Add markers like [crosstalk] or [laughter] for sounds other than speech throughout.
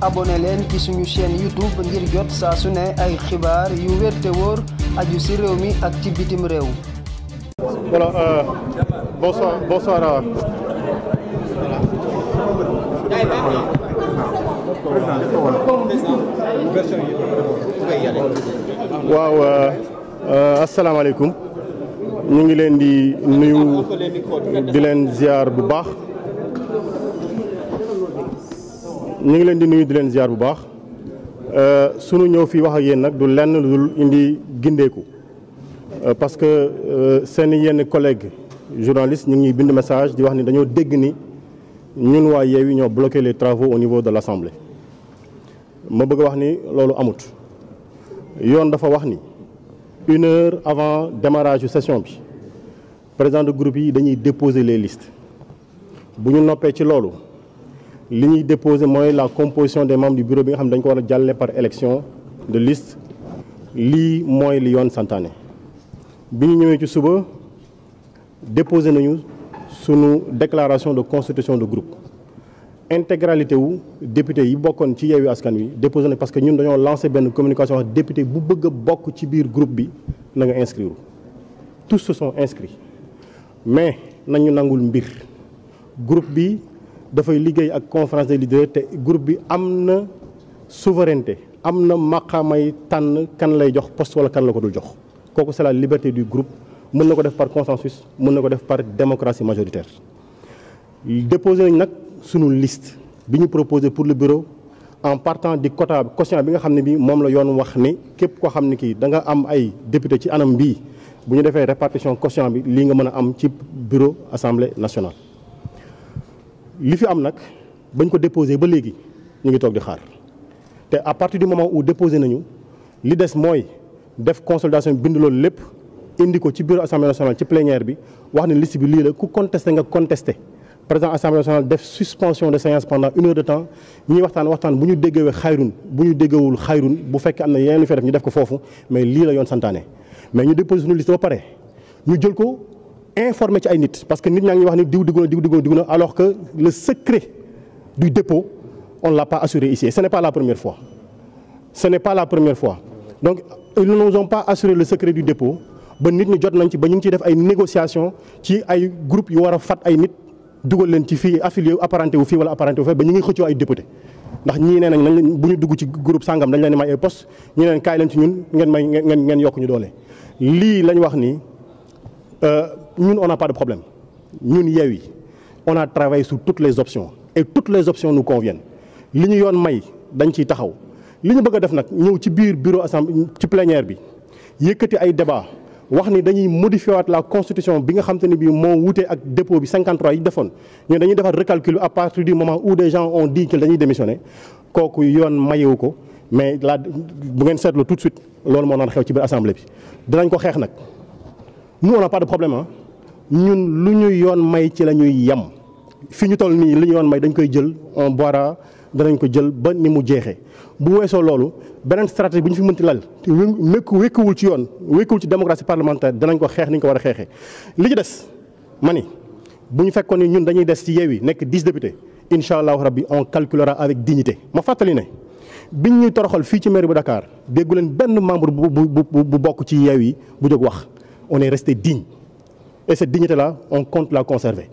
abonné leen ci suñu chaîne YouTube ngir jot saa su ne ay xibaar yu wér aju ci réew mi ak ci bitim réew. voilà euh, bonsoir euh. Euh, euh, ñu ngi leen di nuyu di leen ziar bu baax. ñu ngi leen di nuyu di leen ziar bu baax euh, suñu ñëw fii wax ak yéen nag du lenn lu indi gindeeku euh, parce que euh, seen yenn collègues journalistes ñu ngi bind message di wax ni dañoo dégg ni ñun waa yi ñoo bloqué les travaux au niveau de l'Assemblée ma bëgg a wax ni loolu amut yoon dafa wax ni une heure avant démarrage yu session bi président de groupe yi dañuy déposé les listes bu ñu noppee ci loolu li ñuy déposé mooy la composition des membres du bureau bi nga xam ne dañ ko war a jàllale par élection de liste lii mooy li yoon santaane bi ñu ñëwee ci suba déposé nañu sunu declaration de constitution de groupe intégralité wu député yi bokkoon ci Yewwi Askan Wi déposé na parce que ñun dañoo lancé benn communication wax député bu bëgg a bokk ci biir groupe bi na nga inscrire tous se sont inscrits mais nañu nangul mbir groupe bi dafay liggéey ak conférence des leaders te groupe bi am na souveraineté am na maqaamay tànn kan lay jox poste wala kan la ko dul jox kooku c'est la liberté du groupe mën na ko def par consensus mën na ko def par démocratie majoritaire déposé nañ nag sunu liste bi ñu proposé pour le bureau en partant di quota quotient bi nga xam ne bii moom la yoon wax ni képp koo xam ne kii da nga am ay député ci anam bii bu ñu defee répartition quotient bi lii nga mën a am ci bureau assemblée nationale li fi am nag bañ ko déposé ba léegi ñu ngi toog di xaar te à partir du moment où déposé nañu li des mooy def consolidation bind loolu lépp indi ko ci bureau assemblée nationale ci plénière bi wax ne liste bi lii la ku contesté nga contesté président assemblée nationale def suspension de séance pendant une heure de temps ñuy waxtaan waxtaan bu ñu déggewee xayrun bu ñu déggewul xayrun bu fekkee am na yeneen lu fee def ñu def ko foofu mais lii la yoon santaane mais ñu déposé suñu liste ba pare ñu jël ko informer ci ay nit parce que nit ñaa ngi wax ni diw diggu na diw diggu na alors que le secret du dépôt on l'a pas assuré ici et ce pas la première fois ce n'est pas la première fois donc ils ne nous ont pas assuré le secret du dépôt ba nit ñi jot nañ ci ba ñu ngi ci def ay négociations ci ay groupe yu war a fat ay nit dugal leen ci fii affilié apparenté wu fii wala apparenté wu fee ba ñu ngi xëccoo ay député ndax ñii nee nañ nañ bu ñu dugg ci groupe sangam dañ leen di may ay poste ñu neen ñun ngeen may ngeen ngeen ñu doole lii lañ wax ni euh, ñun on n'a pas de problème ñun Yewwi on a travaillé sur toutes les options et toutes les options nous conviennent li ñu yoon may dañ ciy taxaw li ñu bëgg def nag ñëw ci biir bureau assemblée ci plénière bi yëkkati ay débat wax ni dañuy modifié waat la constitution bi nga xam te ne bii moo wutee ak dépôt bi 53 yi defoon ñun dañuy defar recalcul à partir du moment où des gens ont dit que dañuy démissionné kooku yoon mayewu ko mais la bu ngeen seetlu tout de suite loolu moo naan xew ci biir assemblée bi dinañ ko xeex nag nous on n'a ñun lu ñu yoon may ci la ñuy yem fi ñu toll nii lu ñu yoon may dañ koy jël on boira danañ ko jël ba ni mu jeexee bu weesoo loolu beneen stratégie bi ñu fi mënti lal wékku wékkuwul ci yoon wékkuwul ci démocratie parlementaire danañ ko xeex ni ñu ko war a xeexee. li ci des ma ni bu ñu fekkoon ni ñun dañuy des ci yi nekk dix députés incha allahu bi on calculera avec dignité ma fàttali ne. biñ ñuy toroxal fii ci mairie bu Dakar déggu leen benn membre bu bu bu bokk ci Yewwi bu jóg wax on est resté est cette dignité là on compte la conserver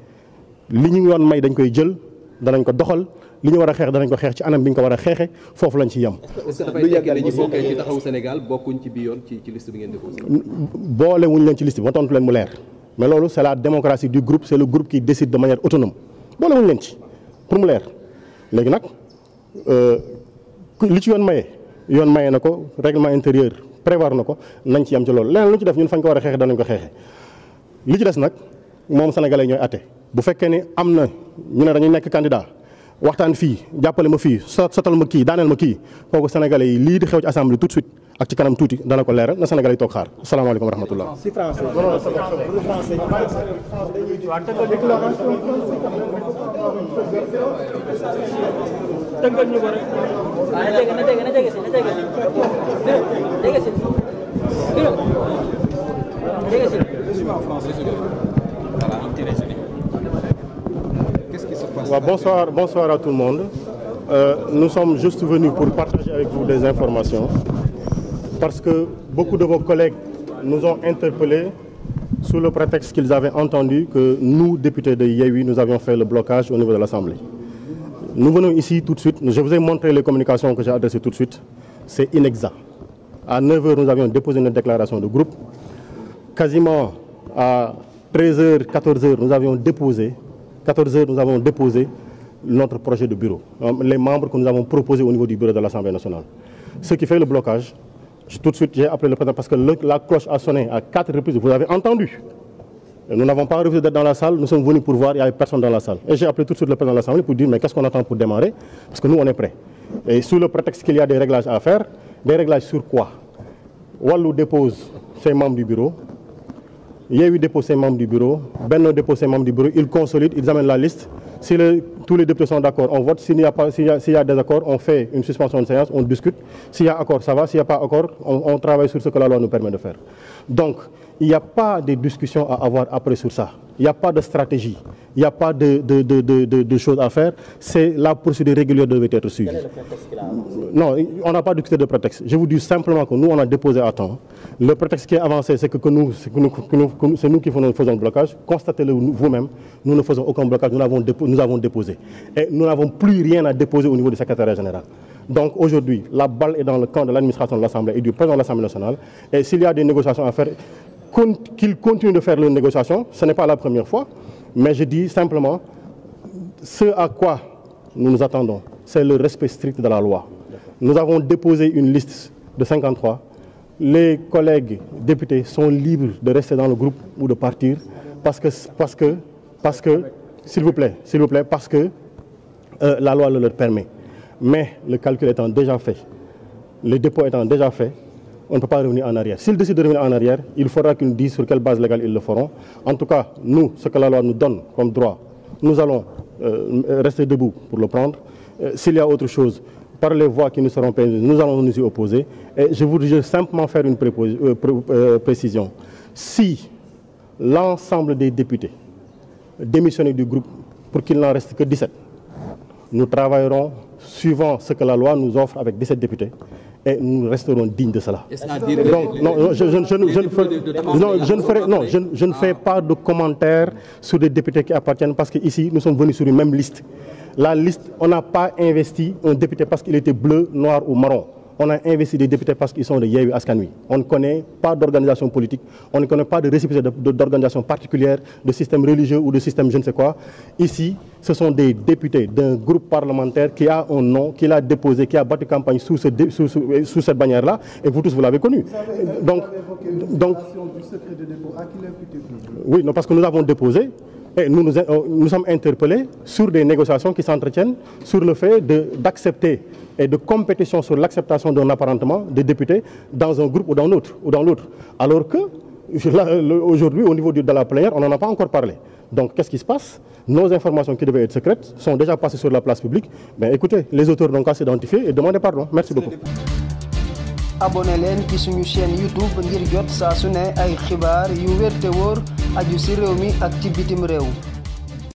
li ñu yoon may dañ koy jël danañ ko doxal li ñu war a xeex danañ ko xeex ci anam bi ñu ko war a xeexe foofu lañ ci yem. lu yàgg ñi bokkee ci taxawu yoon ci ci liste bi ngeen déposé. boole wuñ leen ci liste bi ma tontu leen mu leer mais loolu c' est la démocratie du groupe c' est le groupe qui décide de manière autonome boole wuñ leen ci pour mu leer léegi nag euh, li ci yoon maye yoon maye na ko règlement intérieur prévoir na ko nañ ci yem ci loolu leneen lu ñu ci def ñun fañ ko war a xeexe danañ ko xeexe. li ci des nag moom sénégalais ñooy atte bu fekkee ni am na ñu ne dañuy nekk candidat waxtaan fii jàppale ma fii sotal ma kii daaneel ma kii kooku sénégalais lii di xew ci assemblée tout suite ak ci kanam tuuti dana ko leeral na sénégalais toog xaar salaamaaleykum wa rahmatullah dégg nga si Ouais, euh, nous sommes juste venus pour partager avec vous des informations parce que beaucoup de vos collègues nous ont interpellés sous le prétexte qu'ils avaient entendu que nous, députés de Yewi, nous avions fait le blocage au niveau de l'Assemblée. Nous venons ici tout de suite, je vous ai montré les communications que j'ai adressées tout de suite, c'est inexact. À 9h, nous avions déposé une déclaration de groupe. Quasiment à 13h, nous avons déposé notre projet de bureau, euh, les membres que nous avons proposés au niveau du bureau de l'Assemblée nationale. Ce qui fait le blocage, tout de suite j'ai appelé le président parce que la cloche a sonné à quatre reprises, vous avez entendu. nous n'avons pas refusé dans la salle, nous sommes venus pour voir, il n'y avait personne dans la salle. Et j'ai appelé tout de suite le prétexte qu'il y a des réglages à faire, des réglages Yewwi dépose ses membres du bureau Benno dépose ses membres du bureau ils consolident ils amènent la liste si tous les députés sont d'accord on vote s'il y a désaccord on fait une suspension de séance on discute s'il y a accord ça va s'il n'y a pas accord on travaille sur ce que la loi nous permet de faire donc il n'y a pas de discussion à avoir après sur ça Il n'y a pas de stratégie, il n'y a pas de, de, de, de, choses à faire. C'est la procédure régulière devait être suivie. a Non, on n'a pas discuté de prétexte. Je vous dis simplement que nous, a déposé à temps. Le prétexte qui est avancé, c'est nous, qui faisons le blocage. Constatez-le vous-même, nous ne faisons aucun blocage, nous avons, déposé, Et nous n'avons plus rien à déposer au niveau du secrétariat général. Donc aujourd'hui, la balle est dans le camp de l'administration qu'il continue de faire les négociations, ce n'est pas la première fois, mais je dis simplement ce à quoi nous nous attendons, c'est le respect strict de la loi. Nous avons déposé une liste de 53. Les collègues députés sont libres de rester dans le groupe ou de partir parce que, parce que, parce que, s'il vous plaît, parce que euh, la loi le permet. Mais le calcul étant déjà fait, les dépôt étant déjà fait, on ne peut pas revenir en arrière. S'ils décident de revenir en arrière, il faudra qu'ils nous disent sur quelle base légale ils le feront. En tout cas, nous, ce que la loi nous donne comme droit, nous allons euh, rester debout pour le prendre. Euh, S'il y a autre chose, par les voies qui nous seront permises, nous allons nous y opposer. Et je voudrais simplement faire une euh, euh, précision. Si l'ensemble des députés démissionnent du groupe pour qu'il n'en reste que 17, nous travaillerons suivant ce que la loi nous offre et nous resterons dignes de cela. Donc, non, je, je, je, je ne ferai, non, je ne ferai, non, je ne fais pas de commentaires sur des députés qui appartiennent parce qu'ici, nous sommes venus sur une même liste. La liste, on n'a pas investi un député parce qu'il était bleu, noir ou marron. on a investi des députés parce qu'ils sont de Yewwi Askan Wi on ne connaît pas d'organisation politique on ne connaît pas de récépissé d'organisation particulière de système religieux ou de système je ne sais quoi ici ce sont des députés d'un groupe parlementaire qui a un nom qui l'a déposé qui a battu campagne sous ce cette bannière là et vous tous vous l'avez connu donc donc oui non parce que nous avons déposé Et nous, nous, euh, nous, sommes interpellés sur des négociations qui s'entretiennent sur le fait d'accepter et de compétition sur l'acceptation d'un apparentement des députés dans un groupe ou dans l'autre. Ou Alors que [laughs] aujourd'hui, au niveau de la plénière, on n'en a pas encore parlé. Donc, qu'est-ce qui se passe Nos informations qui devaient être secrètes sont déjà passées sur la place publique. Ben, écoutez, les auteurs n'ont qu'à s'identifier et demander pardon. Merci abonné leen ci suñu chaîne YouTube ngir jot saa su ne ay xibaar yu wér wóor aju ci réew mi ak ci bitim réew